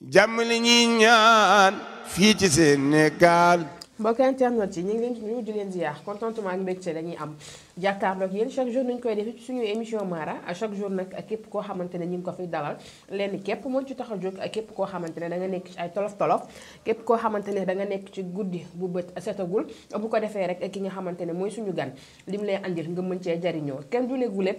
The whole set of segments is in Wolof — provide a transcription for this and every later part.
jàmm li ñuy ñaan fii ci Sénégal mbokk internet yi ñu ngi leen di nuyu leen ziar contentement ak mbégte la ñuy am jàkkaar jàkkaarloog yéen chaque jour nuñ koy defee ci suñu émission Mara chaque jour nag képp koo xamante ne ñu ngi ko fiy dalal lenn képp moo ci tax a jóg képp koo xamante ne da nekk ci ay tolof képp koo xamante ne da nekk ci guddi bu bët setagul bu ko defee rek ki nga xamante ne mooy suñu gan lim lay andil nga mën cee jariñoo kenn du ne guléet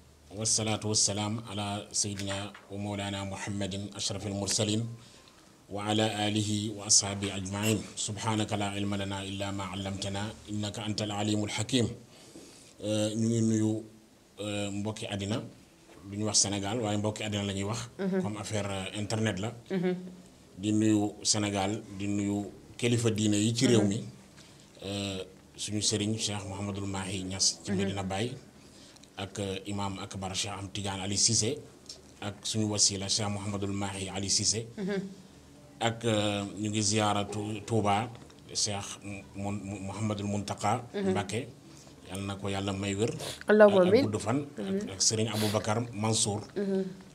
والصلاة والسلام على سيدنا ومولانا محمد أشرف المرسلين وعلى آله وأصحابه أجمعين سبحانك لا علم لنا إلا ما علمتنا إنك أنت العليم الحكيم نيو نيو مبوكي أدنا بنيو السنغال وعي مبوكي أدنا لنيو وخ كم أفير إنترنت لا دي نيو سنغال دي نيو كلفة دينة يتريومي سنو سرين شيخ محمد الماهي نياس تمدنا باي ak euh, imaam akbar Cheikh am Tidiane Ali sise ak suñu wasila Cheikh Mouhamadul Mahi Ali sise mm-hmm. ak euh, ñu ngi ziyaara Touba Cheikh Mouhamadul Muntaka mm-hmm. Mbacké yàlla na ko yàlla may wér ak gudd fan ak mm-hmm. sëriñ Aboubacar Mansour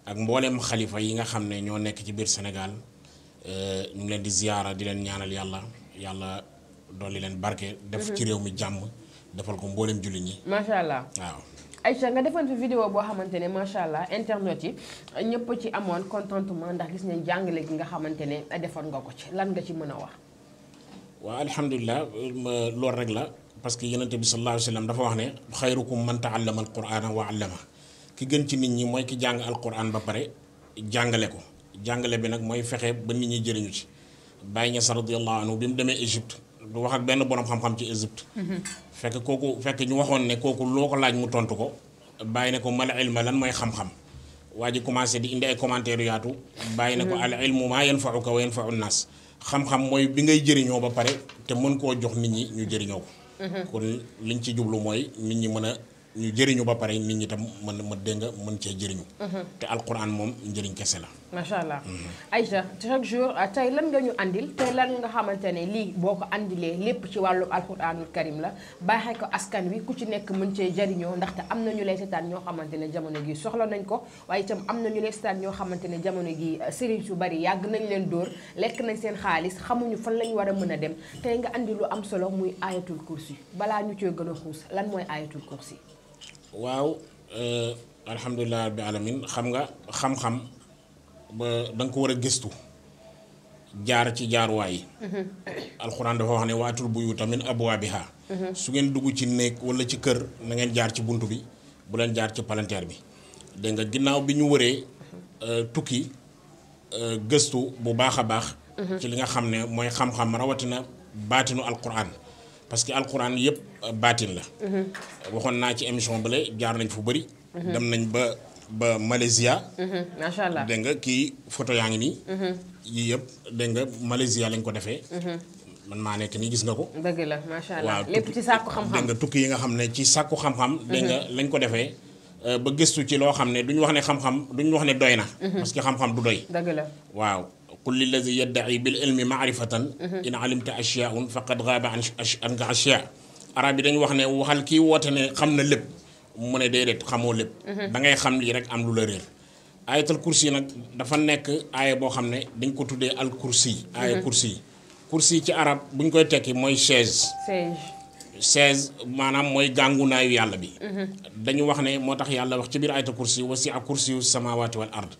ak mbooleem xalifa yi nga xam ne ñoo nekk ci biir Sénégal euh, ñu ngi leen di ziyaara di leen ñaanal yàlla yàlla dolli leen barke def ci réew mi jàmm defal ko mbooleem jullit ñi waaw Aïcha nga defon fi vidéo bo xamantene ma sha allah internet yi ñëpp ci amone contentement ndax gis ñeen jàngale gi nga xamantene ne defoon nga ko ci lan nga ci mëna wax. wa alhamdulilah loolu rek la parce que yonent bi sallallahu alayhi wasallam dafa wax ne khayrukum man taallama alquran wa allama ki gën ci nit ñi moy ki jàng alquran ba pare jàngale ko jàngale bi nak moy fexe ba nit ñi jëriñu ci bayna Niass radiyallahu anhu bi mu demee Égypte. du wax ak benn borom xam-xam ci Égypte. fekk kooku fekk ñu waxoon ne kooku loo ko laaj mu tontu ko. bàyyi ne ko mal ilma lan mooy xam-xam. waa ji commencé di indi ay commentaires yaatu. bàyyi ne ko al ilmu maa yanfauka wa yanfau nnaas xam-xam mooy bi ngay jëriñoo ba pare te mën koo jox nit ñi ñu jëriñoo ko. kon liñ ci jublu mooy nit ñi mën a ñu jëriñu ba pare nit ñi tam mën ma dégg nga mën cee jëriñu. te alquran moom njëriñ kese la. macha allah Aïcha chaque jour ah, tey lan nga ñu andil tey lan nga xamante ne lii boo ko andilee lépp ci wàllu alxuraanul karim la baaxee ko askan wi ku ci nekk mën cee jariñoo ndaxte am na ñu lay seetaan ñoo xamante ne jamono gi soxla nañ ko waaye itam am na ñu lay seetaan ñoo xamante ne jamono gi ah, sëriñ su bari yàgg nañ leen dóor lekk nañ seen xaalis xamuñu fan lañ war a mën a dem tey nga andi lu am solo muy ayatul kursi balaa ñu cee gën a xuus lan mooy ayatul kursi waaw euh, alhamdulilah nga xam-xam ba ko war a gëstu jaar ci jaaruwaay yi. Mm-hmm. alxuraan dafa wax ne waatul buyu tamit abwaabiha mm-hmm. su ngeen dugg ci néeg walla ci kër na ngeen jaar ci bunt bi bu leen jaar ci palanteer bi dégg nga ginnaaw bi ñu wëree mm-hmm. euh, tukki euh, gëstu bu baax a baax. ci li nga xam ne mooy xam-xam rawatina baatinu alxuraan parce que alxuraan yëpp euh, baatin la. waxoon naa ci émission bële jaar nañ fu bëri. dem nañ ba. ba Malaysia. macha allah dégg nga kii photo yaa ngi nii. yii yëpp dégg nga Malaysia lañ ko defee. man maa nekk nii gis nga ko. dëgg la macha allah lépp ci sàkku xam-xam dégg nga tukki yi nga xam ci sàkku xam-xam. dégg nga lañ ko defee. ba gëstu ci loo xam duñ wax ne xam-xam duñ wax ne doyna parce que xam-xam du doy. dëgg la waaw. qul lillazi yaddaci bil ilmi maarifatan. in alimta ashyaun faqad gaaba an anka ashyaa arab wax ne waxal ne lépp. mu ne déedéet xamoo lépp. Mhm. da ngay xam lii rek am lu la réer. ayatal yi nag dafa nekk aaya boo xam ne dañ ko tuddee al mhm. yi kursi. aaya kursi kursi ci arab bu ñu koy tekki mooy chaise. chaise maanaam mooy gàngunaayu yàlla bi. Mhm. dañu wax ne moo tax yàlla wax ci biir ayatal kursi wasi ak kursi yu samawaati wal ard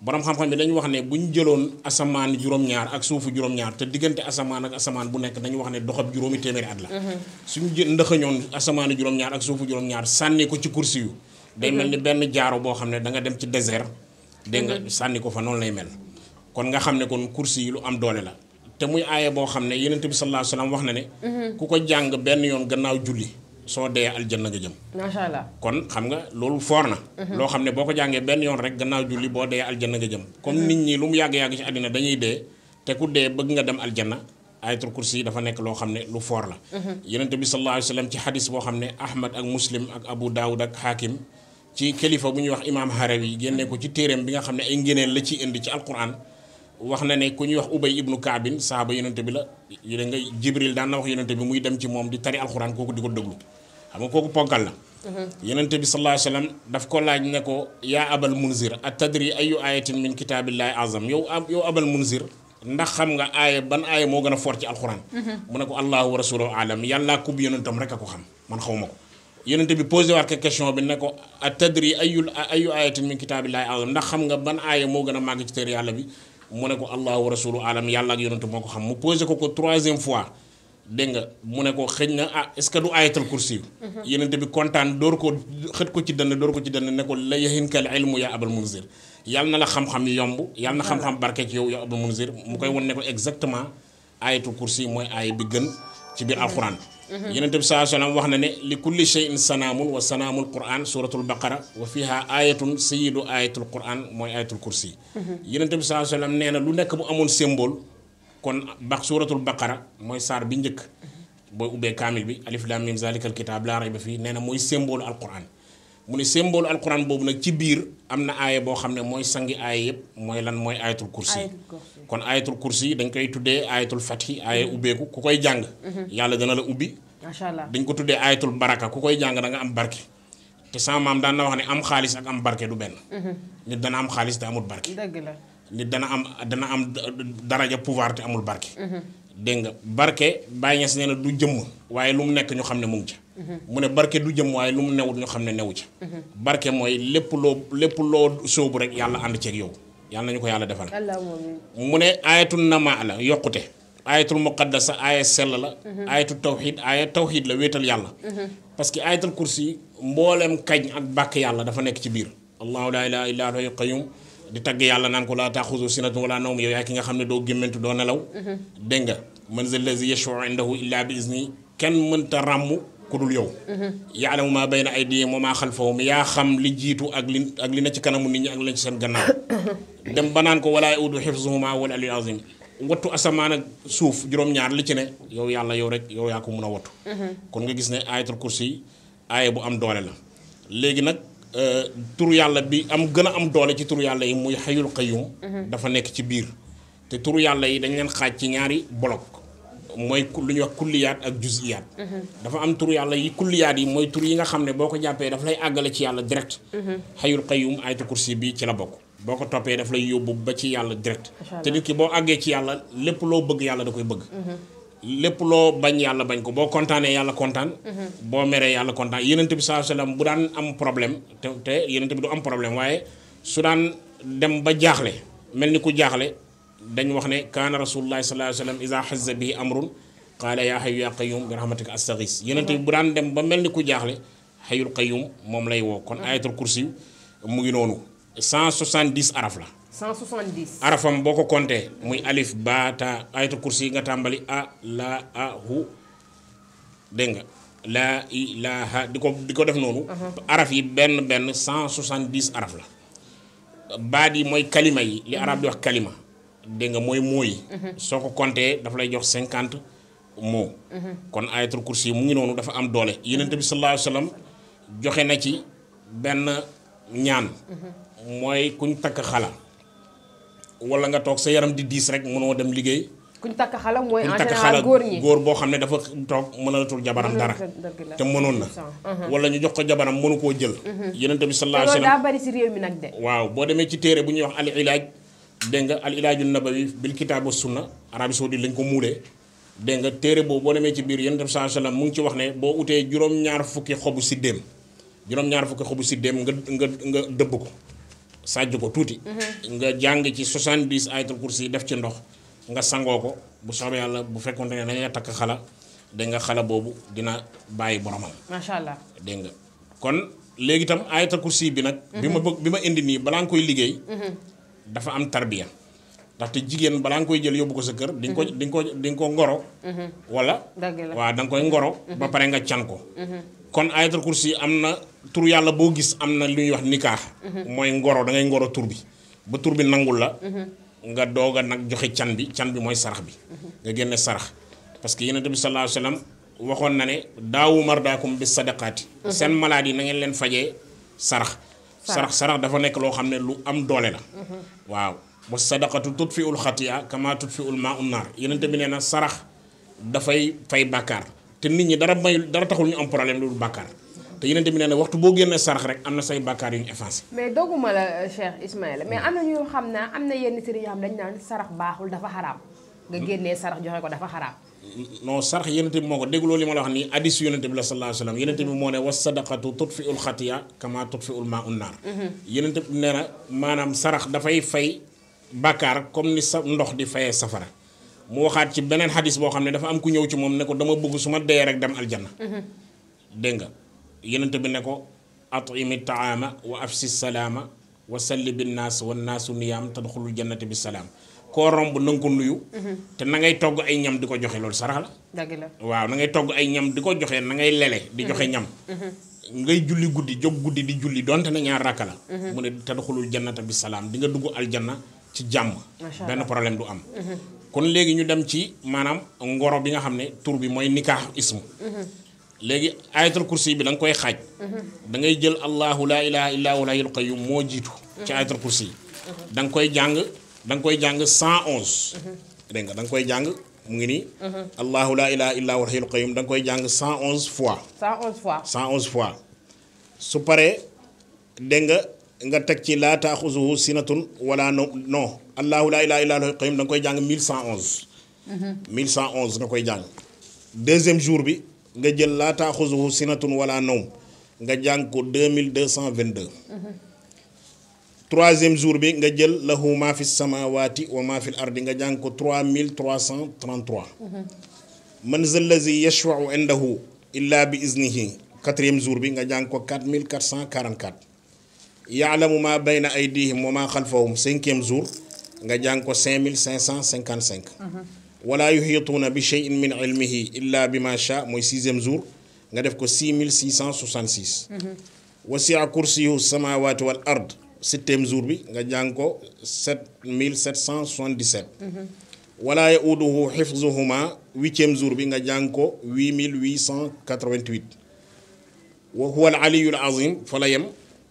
borom xam-xam bi dañu wax ne bu ñu jëloon asamaan juróom-ñaar ak suufu juróom-ñaar te diggante asamaan ak asamaan bu nekk dañu wax ne doxab juróomi téeméeri at la. Mhm. suñu jë ndëxëñoon asamaan juróom-ñaar ak suufu juróom-ñaar sànni ko ci kursi yu. day mel ni mhm. benn jaaro boo xam ne da nga dem ci désert. dégg nga mhm. sànni ko fa noonu lay mel. kon nga xam ne kon kursi yi lu am doole la. te muy aaye boo xam ne yonent bi sallallahu alayhi wasallam wax na ne. ku ko jàng benn yoon gannaaw julli. soo dee aljanna nga jëm. macha allah kon xam nga loolu foor na. Mhm. loo xam ne boo ko jàngee benn yoon rek gannaaw julli boo dee aljanna nga jëm. kon mhm. nit ñi lu mu yàgg yàgg ci àddina dañuy dee te ku dee bëgg nga dem aljanna ayatul kursi dafa nekk loo xam ne lu foor la. Mhm. yonent bi sallallahu alayhi wa sallam ci xadis boo xam ne Ahmad ak Muslim ak Abu Daawud ak Hakim ci kilifa bu ñuy wax imaam Harawi génne ko ci téereem bi nga xam ne ay ngëneel la ciy indi ci alquran. wax na ne ku ñuy wax ubay ibnu kaabin saaba yonente bi la nga jibril daan na wax yonente bi muy dem ci moom di tari alxuraan kooku di ko déglu xam nga kooku ponkal la mm-hmm. yonente bi sallallahu alayhi wasallam daf ko laaj ne ko yaa abal munzir a tadri ayu ayatin min kitaabillahi azam yow yow abal munzir ndax xam nga aaya ban aaye moo gën a for ci alxuraan mm-hmm. mu ne ko allahu wa rasuluhu alam yàllaa kub yonentam rek a ko xam man xaw ma ko yonente bi posé waat ko question bi ne ko a tadri ndax xam nga ban aaya moo gën a ci téere yàlla bi mu ne ko allah wa rasulu alam yàlla ak yonentu moo ko xam mu posé ko ko troisième fois dégg nga mu ne ko xëj na ah est-ce que du ayatal kursi mhm. yonent bi kontaan door ko xët ko ci dënn door ko ci dënn ne ko la yahinkal ilmu yaa abal munzir yàlla na la xam-xam yomb yàlla na xam-xam barke ci yow yaa abal munzir mu koy mhm. won ne ko exactement ayatul kursi mooy aaya bi gën ci biir alxuraan يننتب صلى الله عليه وسلم لكل شيء سنام وسنام القرآن سورة البقرة وفيها آية سيد آية القرآن موي آية الكرسي يننتب صلى الله عليه وسلم نينا لو نك بو امون سيمبول كون باخ سورة البقرة موي سار بي نيك كامل بي الف لام ميم ذلك الكتاب لا ريب فيه نينا موي سيمبول القرآن mune ne symbole alquran bobu nak ci bir am na bo xamne moy sangi aya yeb moy lan moy ayatul kursi kon ayatul kursi dañ koy tuddé ayatul fathi aya ubi ku koy jang mhm. yalla dana la ubbi dañ ko tuddé ayatul baraka ku koy jang da nga am barki te sama mam da na wax ni am khalis ak am barke du ben mhm. nit dana am khalis te amul barke deug la nit dana am dana am daraja pouvoir te amul barke mhm. deug nga barke bàyyi ñes nee du jëm waye lu mu nekk ñu xam mu ngi mu ne barke du jëm waaye lu mu newul ñu xam ne newu ci barke mooy lépp loo lépp loo sóobu rek yàlla ànd ak yow yàlla nañu ko yàlla defal mu ne ayatul nama la yokkute ayatul muqaddasa aya sell la ayatul tawxid aya tawxid la wéetal yàlla parce que ayatul kursi mbooleem kañ ak bàkk yàlla dafa nekk ci biir allahu la ilaha illa huwa qayyum di tagg yàlla naan ko laa taaxuzu sinatu wala nawm yow yaay ki nga xam ne doo gémmantu doo nelaw dégg nga man zal lazi indahu illa bi izni kenn mënta ràmm ku dul yow yaalamu maa bayna aydihim wa maa xalfahum yaa xam li jiitu ak li ak li na ci kanamu nit ñi ak li na ci seen gannaaw dem ba naan ko walaa yaudu xifzuhuma wal aliyyil azim wattu asamaan ak suuf juróom-ñaar li ci ne yow yàlla yow rek yow yaa ko mun a wattu kon nga gis ne ayatul kursi yi aaya bu am doole la léegi nag euh, tur yàlla bi am gën a am doole ci tur yàlla yi muy xayul qayyum mhm. dafa nekk ci biir te tur yàlla yi dañ leen xaaj ci ñaari bolok mooy ku lu ñu wax kulliyaat ak juziyaat dafa am tur yàlla yi kulliyaat yi mooy tour yi nga xam ne boo ko jàppee daf lay àggale ci yàlla direct xayul qayyum ayatu kursi bi ci la bokk boo ko toppee daf lay yóbbu ba ci yàlla direct te nit ki boo àggee ci yàlla lépp loo bëgg yàlla da koy bëgg lépp loo bañ yàlla bañ ko boo kontaanee yàlla kontaan boo meree yàlla kontaan yenent bi sallallahu alayhi wasallam bu daan am problème te te yenent bi du am problème waaye su daan dem ba jaaxle mel ni ku jaaxle dañ wax ne kaana rasulullahi sallallahu alayhi wa sallam isa xazza bihi amrun qaala yaa xayu yaa qayum bi rahmatika astaghis yonent bi bu daan dem ba mel ni ku jaaxle xayul qayum moom lay woo kon ayatul kursi mu ngi noonu 170 araf la 170 arafam boo ko compté muy alif ba ta ayatul kursi nga tàmbali a la a hu dégg nga laa ilaha di ko di ko def noonu araf yi benn benn 170 araf la baat yi mooy kalima yi li arab di wax kalima de nga moy moy soko ko compté dafa lay jox 50 mo kon ayatul kursi mu ngi noonu dafa am doole yenenbi sallallahu alayhi wasallam joxe na ci ben ñaan moy kuñ tak xala wala nga tok sa yaram di diis rek mëno dem liggéey kuñ tak xala moy en général góor ñi góor boo xam ne dafa toog mënatul jabaram dara te mënon na uh-huh. wala ñu jox ko jabaram mënu ko jël uh-huh. yenenbi sallallahu alayhi wasallam daa bari si réew mi nag de waaw bo démé ci téré bu ñuy wax al ilaaj denga al al ilaajul nabawi bil was sunna arab saudi lañ ko muulee denga téré bo bo némé ci bir yonent bi sallam mu ngi ci wax ne bo utee juróom-ñaar fukki xobu sidem juróom-ñaar fukki xobu sidem nga nga nga dëbb ko sàjj ko tuuti mm-hmm. nga jang ci 70 ayatul kursi def ci ndox nga sango ko bu soobee yalla bu fekkonte ne dañuy tak xala denga xala bobu dina bayi boromam macha allah kon légui tam ayatul kursi bi nak bima mm-hmm. bima indi ni balang koy liggéey mm-hmm dafa am tarbiya ndaxte jigéen balaa nga ngoy jël yóbbu ko sa kër ding ko mhm. ding ko ding ko ngoro mhm. wala wa dang koy ngoro ba mhm. pare nga cyan ko kon ayatul kursi amna tur yalla bo gis amna luy wax nikah moy ngoro da ngay ngoro tur bi ba tur bi nangul la nga doga nak joxe cyan bi cyan bi moy sarax bi nga genné sarax parce que yene sallallahu alayhi Wasallam, waxon na ne daawu mardakum bis sadaqati sen maladi na ngeen len sarax sarax sarax dafa nekk loo xam ne lu am doole la mm-hmm. waaw wa sadaqatu tutfiul xatiya kama tutfiul maa un naar yenente bi nee na sarax dafay fay bàkkaar te nit ñi dara may dara taxul ñu am problème lu dul bàkkaar te yeneen tamit nee na waxtu boo génnee sarax rek am na say bàkkaar yu ñu mais dogguma la euh, Cheikh Ismaïla mais am na ñu xam naa am na yenn sëriñ yoo xam dañu naan sarax baaxul dafa xaraam. nga hmm? génnee sarax joxe ko dafa xaraam. non sarx yonente bi moo ko dégloo li ma la wax nii hadis yonente bi la sallallahu alayhi wa sallam yonente bi moo ne wa sadaqatu tutfiul xatiya kama tutfiul maa un naar yonente bi nee na maanaam sarax dafay fay bàkkaar comme ni sa ndox di fayee safara mu waxaat ci beneen hadis boo xam ne dafa am ku ñëw ci moom ne ko dama bëgg su ma dee rek dem aljanna dégg nga yonente bi ne ko atimi taama wa afsi salaama wa salli binnaas wa naasu niyaam tadxulul jannati bisalaam ko romb nang ko nuyu mhm. te na ngay togg ay ñam diko joxe lol sarax la deug waaw na ngay togg ay ñam diko joxe na ngay lele di joxe mhm. ñam mhm. ngay julli guddi jog guddi di julli donte na ñaar rakala mu ne tadkhulul jannata bi salam di nga dugg janna ci jamm ben problème du am kon legi ñu dem ci manam ngoro bi nga xamne tour bi moy nikah ismu legi ayatul kursi bi dang koy xaj da ngay jël allah la ilaha illa huwa al qayyum mo jitu ci ayatul kursi dang koy jang dang koy jang 111. dégg nga dang koy jang mu ngi nii. allahu la ilaha illa huwal hayyul qayyum dang koy jang 111 fois. 111 fois 111 fois. su paré deng nga nga tek ci la ta'khuzuhu sinatun wala no non allahu la ilaha illa huwal hayyul qayyum da koy jang 1111. 1111 nga koy jàng. deuxième jour bi nga jël la ta'khuzuhu sinatun wala nawm nga jang ko 2222. troisième jour bi nga jël lahu ma fi samawati wa ma fi al ardi nga jàng ko 3333 man zal ladhi yashfau indahu illa bi iznihi quatrième jour bi nga jàng ko 4444 ya'lamu ma bayna aydihim wa ma khalfahum cinquième jour nga jàng ko 5555 ولا يحيطون بشيء من علمه الا بما شاء موي 6 mooy sixième jour nga def ko 6666 wasia kursiyu samawati wal ard sitteem jour bi nga jàng ko 7777. wala hifzuhuma 8 huitième jour bi nga jàng ko 8888. wa huwa al aliyul azim fa la yem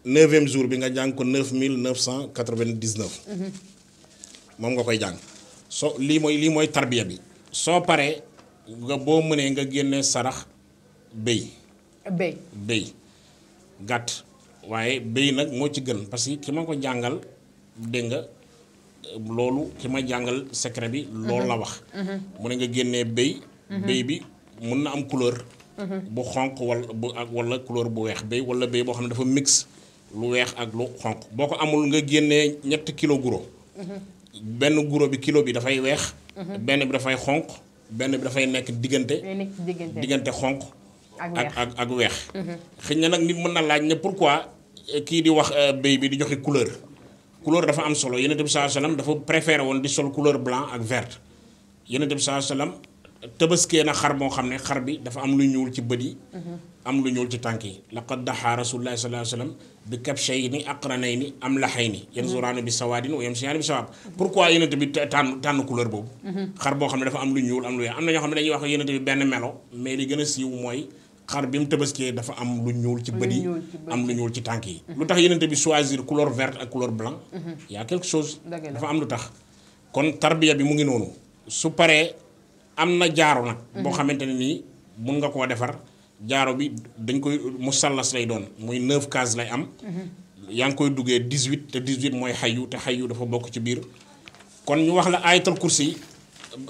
neuvième jour bi nga jàng ko 9999. mom nga koy jàng so li moy li moy tarbiya bi. so paré nga bo mënee nga génnee sarax bey bey bey gat waye bey nak mo ci gën parce que kima ko jangal jangal nga lolu kima jangal secret bi lolu la mhm. wax mhm. mu ne nga génnee bey mhm. bey bi mën na am couleur bu xonk wala wala couleur bu wex bey wala bey bo xamne dafa mix lu wex ak lu xonk boko amul nga génnee ñett kilo guro ben guro bi kilo bi fay wex ben bi fay xonk ben bi dafay nekk digënté digënté xonk ak ak ak wex xigna nak nit mën na laaj ne pourquoi kii di wax euh, béy bi di joxe couleur couleur dafa am solo yonent bi saa salaam dafa préféré woon di sol couleur blanc ak vert yonent bi saa salaam tabaskee na xar moo xam ne xar bi dafa am lu ñuul ci bët yi mhm. am lu ñuul ci tànk yi laqad daxaa rasulullahi sallallahu alayhi wa sallam bi kabshayni aqranayni amlahayni mhm. yanzurani bi sawadin wa yamsiyani bi sawab pourquoi yonent bi tànn tànn couleur boobu mhm. xar boo xam ne dafa am lu ñuul am lu weex am na ñoo xam ne dañuy wax yonent bi benn melo mais li gën a siiw mooy xar bi mu tabaskee dafa am lu ñuul ci bët yi am lu ñuul ci tànk yi mhm. lu tax yenente bi choisir couleur verte ak couleur blanc mhm. y a quelque chose dafa am lu tax kon tarbiya bi mu ngi noonu su paree am na jaaro nag mhm. boo xamante ne nii mun nga koo defar jaaro bi dañ koy musallas lay doon muy neuf cases lay am yaa ngi koy duggee 18 te 18 mooy xayu te xayu dafa bokk ci biir kon ñu wax la ayatul kursi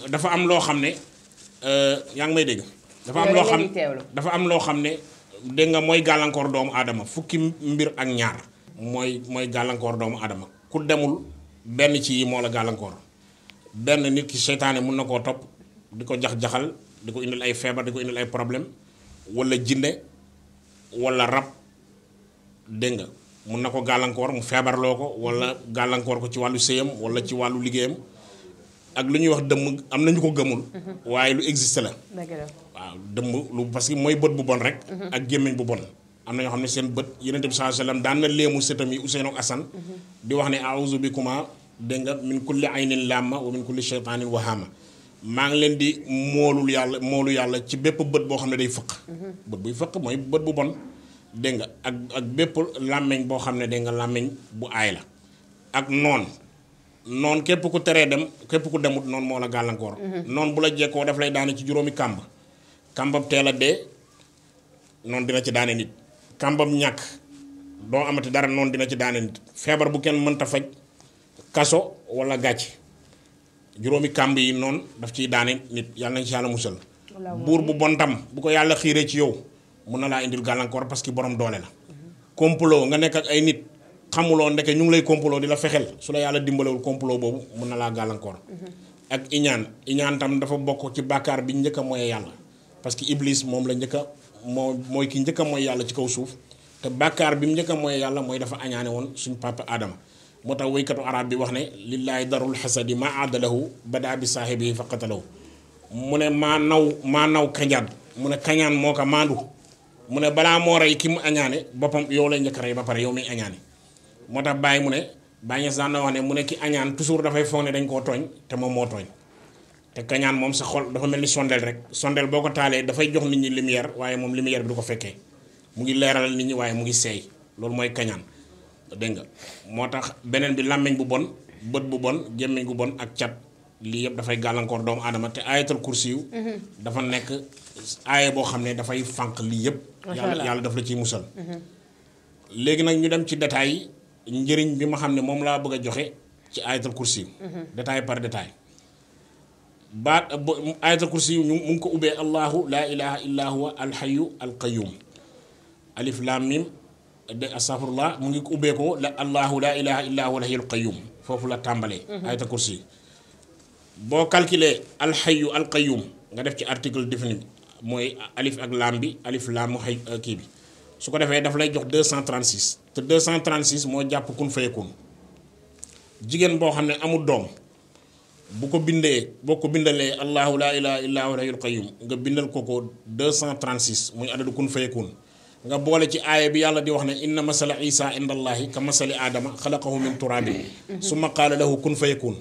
dafa am loo xam ne euh, yaa ngi may dégg dafa am lo xam dafa am lo xamne ne nga moy gàllankoor doom adama fukki mbir ak ñaar moy moy gàllankoor doom adama ku demul ben ci yi moo la gàllankoor ben nit ki setané mën nako top diko jax-jaxal diko indil ay febar diko indil ay problème wala jinne wala rap, de nga mën nako ko mu febar loko wala gàllankoor ko ci walu seyam wala ci walu ligéyam ak lu ñuy wax dëmm am nañu ko gëmul mhm. waaye lu existe la waaw dëmb lu parce que mooy bët bu bon rek mhm. ak gémmiñ bu bon am na ñoo xam ne seen bët yenente bi sallallahu alayhi wasallam daan na léemu sëtam yi Ousseynou ak Assane mhm. di wax ne a'udhu bikuma dégg nga min kulli aynin lamma wa min kulli shaytanin wahama maa ngi leen di moolul yàlla moolu yàlla ci bépp bët boo xam ne day fëq bët buy fëq mooy bët bu bon dégg nga ak ak bépp làmmiñ boo xam ne dégg nga làmmeñ bu aay la ak noon non képp ku téré dem képp ku demut non moo la gàllankoor. Mhm. non bu la jekkoo daf lay daane ci juróomi kàmb. kàmbam teel a dee dina ci daane nit. kàmbam ñàkk doo amati dara non dina ci daane nit feebar bu kenn mënta faj kaso wala gàcc juróomi kàmb yi non daf ciy daane nit yàlla nañ ci yàlla musal. buur bu bontam bu ko yàlla xiiree ci yow mun na laa indil gàllankoor parce que borom doole la. Mhm. complot nga nekk ak ay nit. xamuloo ndeke ñu ngi lay complot di la fexel su la yàlla dimbalewul complot boobu mun na laa gàllankoor. Mm-hmm. ak iñaan iñaan tam dafa bokk ci bàkkaar bi njëkk mooy yàlla parce que iblis moom la njëkk moo mooy ki njëkk mooy yàlla ci kaw suuf te bàkkaar bi mu njëkk mooy yàlla mooy dafa añaane woon suñ papa Adama moo tax woykatu arab bi wax ne lillaahi darul xasadi ma aadalahu badaa bi saahibihi fa qatalahu mu ne maa naw maa naw kanjaan mu ne kañaan moo ko maandu mu ne balaa moo rey ki mu añaane boppam yow lay njëkk rey ba pare yow miy añaane moo tax bàyyi mu ne bàyyi ñes daan na wax ne mu ne ki añaan toujours dafay foog ne dañ koo tooñ te moom moo tooñ te kañaan moom sa xol dafa mel ni sondeel rek sondeel boo ko taalee dafay jox nit ñi lumière waaye moom lumière bi du ko fekkee mu ngi leeralal nit ñi waaye mu ngi seey loolu mooy kañaan dégg nga moo tax beneen bi làmmiñ bu bon bët bu bon gémmiñ gu bon ak cat lii yëpp dafay gàllankoor doomu adama te aayatal kursi yu mhm. dafa nekk aaya boo xam ne dafay fànq lii yëpp yàlla daf la ciy musal mhm. njëriñ bi ma xam ne moom laa bëgg a joxe ci ayatul kursi mhm. détail par détail baat ayatul kursi ñu mu ngi ko ubbee allahu laa ilaha illa huwa alxayu alqayum alif lam mim de astafurlah mu ngi ko ubbee ko la allahu laa ilaha illa huwa alxayu alqayum foofu la tàmbalee mhm. ayatul kursi boo calculer alxayu alqayum nga def ci article défini mooy alif ak laam bi alif laam xay kii bi su ko defee daf lay jox deux 236 te 236 moo jàpp kun fayakun jigéen boo xam ne amul doom bu ko bindee boo ko bindalee allahu laa ilaha illa huwa al-hayyul qayyum nga bindal ko ko 236 muy adadu kun fayakun nga boole ci aaya bi yàlla di wax ne in masala isa inda allahi ka masali aadama xalaqahu min turaabi summa qaala lahu kun fayakun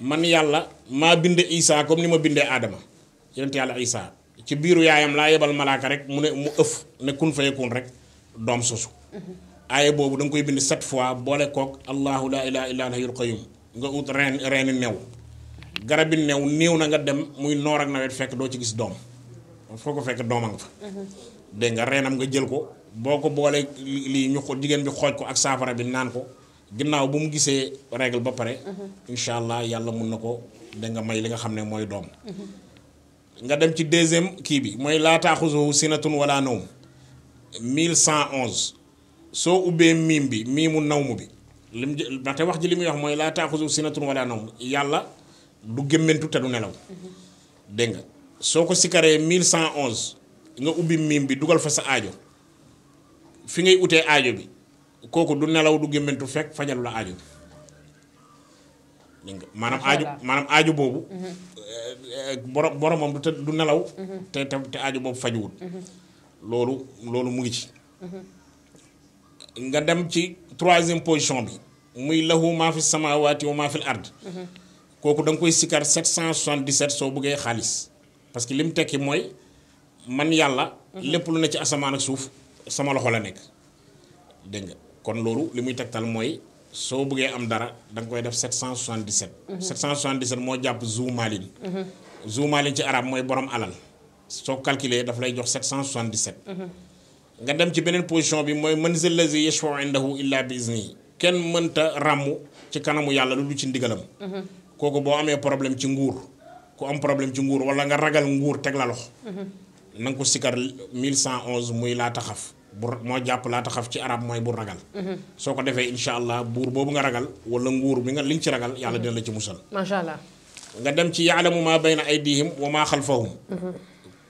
man yàlla maa binde isa comme ni ma bindee aadama yonent yàlla isa ci biiru yaayam laa yebal malaaka rek mu ne mu ëf ne kun fayakun rek doom sosu aaye boobu danga koy bind sept fois boole kook allahu laa ilaha illa hayyul qayyum nga ut reen reeni new garabi new néew na nga dem muy noor ak nawet fekk doo ci gis doom foo ko fekk dooma nga fa dégg nga nga jël ko boo ko boole lii ñu ko jigéen bi xooj ko ak saafara bi naan ko ginnaaw bu mu gisee règle ba pare mhm. insha allah yàlla mun na ko dégg nga may li nga xam ne mooy doom mhm. nga dem ci deuxième kii bi mooy laa taaxuzuhu sinatun wala nawm 1111 soo ubbee miim bi miimu nawm bi lim jë wax ji li muy wax mooy laa taaxuzuhu sinatun wala nawm yàlla du gémmentu te du nelaw dégg nga soo ko sikaree 1111 nga ubbi miim bi dugal fa sa aajo fi ngay utee aajo bi kooku du nelaw du gémmentu fekk fajalu la aajo bi dégg ajo aajo maanaam aajo boobu mhm. borom boromam du du nelaw. te te te aajo boobu fajuwul. loolu loolu mu ngi ci. nga dem ci troisième position bi muy lahu maa fi samawaati wa maa fi ard. kooku da nga koy sikar 777 soo buggee xaalis parce que li mu tekki mooy man yàlla. lépp lu ne ci asamaan ak suuf sama loxo la nekk dégg kon loolu li muy tegtal mooy. soo bëggee am dara da nga koy def 777. 777 moo jàpp Zoumalin. Zoumalin ci arab mooy borom alal soo calculer daf lay jox cent 777. nga dem ci beneen position bi mooy man zal lazi yashfau indahu illa bi izni kenn mënta ràmm ci kanamu yàlla lu du ci ndigalam. kooku boo amee problème ci nguur ku am problème ci nguur wala nga ragal nguur teg la loxo. na nga ko cent 1111 muy laa taxaf. bur mo japp la taxaf ci arab moy bur ragal soko defé inshallah bur allah nga ragal wala nguur bi nga liñ ci ragal yalla dina la ci musal macha allah nga dem ci ya'lamu ma bayna aydihim wa ma khalfahum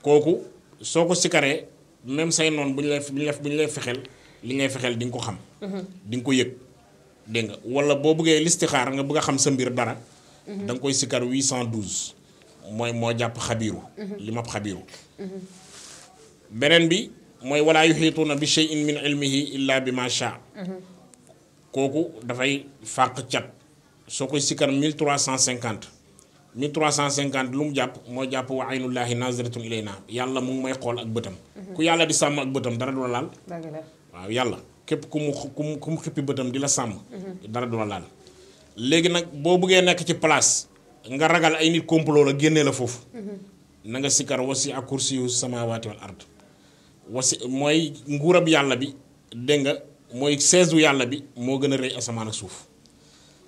koku soko sikare même say non buñ lay buñ lay buñ lay fexel li ngay fexel ding ko xam ding ko yek deng nga wala bo bëggee listixaar nga bëgg xam sa mbir dara dang koy sikar 812 mooy moo jàpp xabiiru lima mab xabiiru bi mooy walaa yuxiituuna bi shay'in min ilmihi illa bi ma kooku dafay fàq cat soo koy sikkar 1350 1350 lu mu jàpp moo jàpp wa aynullaahi naziratun ilayna yàlla mu ngi may xool ak bëtam ku yàlla di sàmm ak bëtam dara du la laal waaw yàlla képp ku mu ku mu xippi bëtam di la sàmm dara du la laal léegi nag boo buggee nekk ci place nga ragal ay nit complot la génnee la foofu mhm. na nga sikkar wasi ak kursiyu samaawaati wal ard wasi mooy nguurab yàlla bi dégg nga mooy seesu yàlla bi moo gën a rëy asamaan ak suuf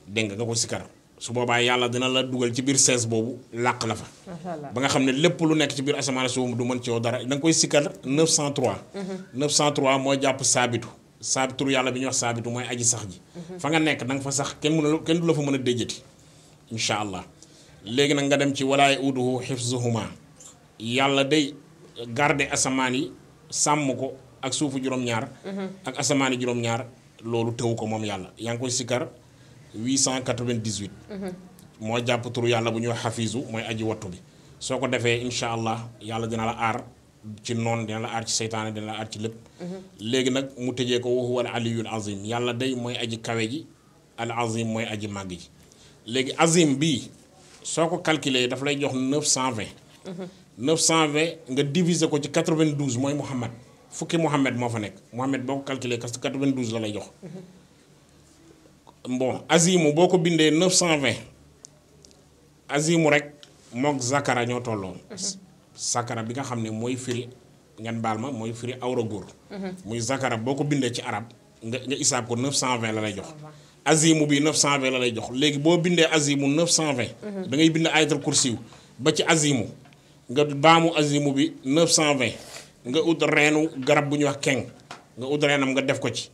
dégg nga nga ko sikar su boobaa yàlla dina la dugal ci biir sees boobu làq la fa. ba nga xam ne lépp lu nekk ci biir asamaan ak suuf du mën ci yow dara da nga koy sikar 903. 903 mooy jàpp saabitu saabituru yàlla bi ñuy wax saabitu mooy aji sax ji. Mhm. fa nga nekk da nga fa sax kenn mënul kenn du la fa mën a déjati incha allah léegi nag nga dem ci walaay uduhu xifzuhuma yàlla day garder asamaan yi. sàmm ko ak suufu juróom-ñaar. Mhm. ak asamaani juróom-ñaar loolu tëw ko moom yàlla yaa ngi koy sikkar 898. Mhm. moo jàpp turu yàlla bu ñuy wax xafiisu mooy aji wattu bi soo ko defee incha allah yàlla dina la aar ci noon dina la aar ci seytaane dina la aar ci lépp. Mhm. léegi nag mu tëjee ko wa huwa al aliyul azim yàlla day mooy aji kawe ji al azim mooy aji màgg ji léegi azim bii soo ko calculé daf lay jox 920. cent 920 nga diviser ko ci 92 mooy Mouhamad fukki Mouhamad moo fa nekk Mouhamad boo ko calculer kas 92 la lay jox bon boo ko bindee 920 Azimu rek mook Zakara ñoo tolloo bi nga xam ne mooy firi ngeen baal ma mooy firi awra góor muy Zakara boo ko bindee ci arab nga nga isaab ko 920 la lay jox Azimu bi 920 la lay jox léegi boo bindee Azimu 920 da ngay bind ayatul kursiw ba ci Azimu nga baamu azimu bi 920 nga ut reenu garab bu ñuy wax keng nga ut reenam nga def ko ci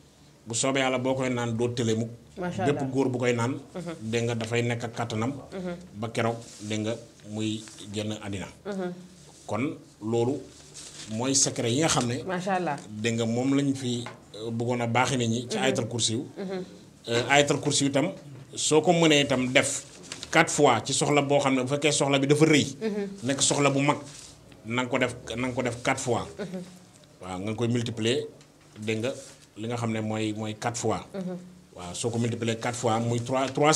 bu soobee yàlla boo koy naan doo tële mukk bépp góor bu koy naan mhm. dégg nga dafay nekk ak kàttanam mhm. ba keroog dégg nga muy génn àddina mhm. kon loolu mooy secret yi nga xam ne macha allah dégg nga moom lañ fi euh, bëggoon a baaxi nit ñi ci ayatal kursi yu euh, ayatal kursi itam soo ko mënee itam def quatre fois ci soxla bo bu soxla bi dafa mhm. soxla bu mag ko def quatre fois. Mhm. wa nga koy multiplier de nga li nga quatre fois. Mhm. wa multiplier quatre fois moy trois trois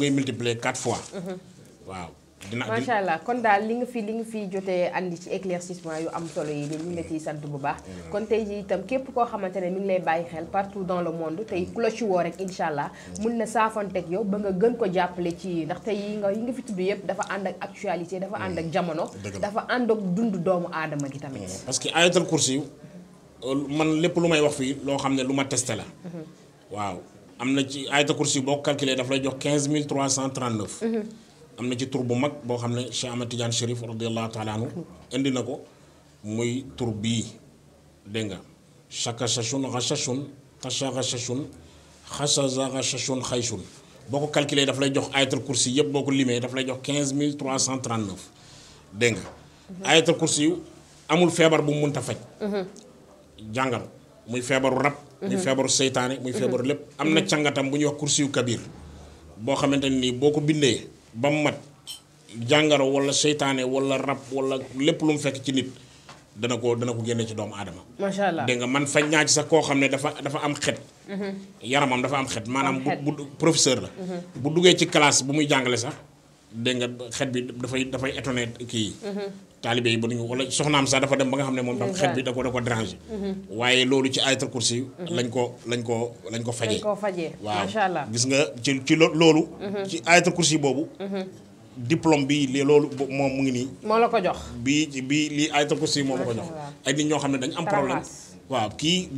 multiplier quatre fois. macha allah kon daal li nga fi li nga fi jotee andi ci éclaircissement yu am solo yi li ñu sant bu baax mm. kon tey jii itam képp koo xamante ne mi ngi lay bàyyi xel partout dans le monde tey ku la ci woo rek incha allah mm. mun na saafanteeg yow ba nga gën ko jàppale ci ndax te yi nga yi nga fi tudd yëpp dafa ànd ak actualité dafa ànd ak mm. jamono dafa ànd ak dund doomu aadama gi tamit parce que ayatal kursi yi man lépp lu may wax fii loo xam ne lu ma testé la mm-hmm. waaw am na ci ayatal kursi yi boo calculé dafa lay jox 15339 am na ci tur bu mag boo xam ne Cheikh Ahmed Tidiane Chérif radiallahu taala anhu indi na ko muy tur bii dégg nga chaka chachun rachachun tacha rachachun xasaza rachachun xaychun boo ko calculé daf lay jox ayatul kursi yëpp boo ko limee daf lay jox 15 339 dégg nga ayatul kursi yu amul feebar bu mu mënta faj jàngal muy feebaru rab muy feebaru seytaane muy feebaru lépp am na càngatam bu ñuy wax kursi yu kabir boo xamante nii boo ko bindee ba mu mat jàngaro wala seytaane wala rab wala lépp lu mu fekk ci nit dana ko dana ko génne ci doomu aadama. macha allah dégg nga man faj ñaaj sax koo xam ne dafa dafa am xet. Mhm. yaramam dafa am xet maanaam bu bu professeur la. Mhm. bu duggee ci classe bu muy jàngale sax dégg nga xet bi dafay dafay étonné kii. talibé yi ba ñu wala soxnaam sax dafa dem ba nga xam mom dafa tam xet bi da ko da ko déranger mhm. waaye loolu ci ayatul kursi mhm. lañ ko lañ ko lañ ko fajé ma sha Allah gis nga ci ci loolu mhm. ci ayatul kursi bobu diplôme bi li lolu moom mu ngi ni mo la ko jox bi bi li ayatul kursi moo la ko jox ay nit ñoo xam dañ am problème waaw ki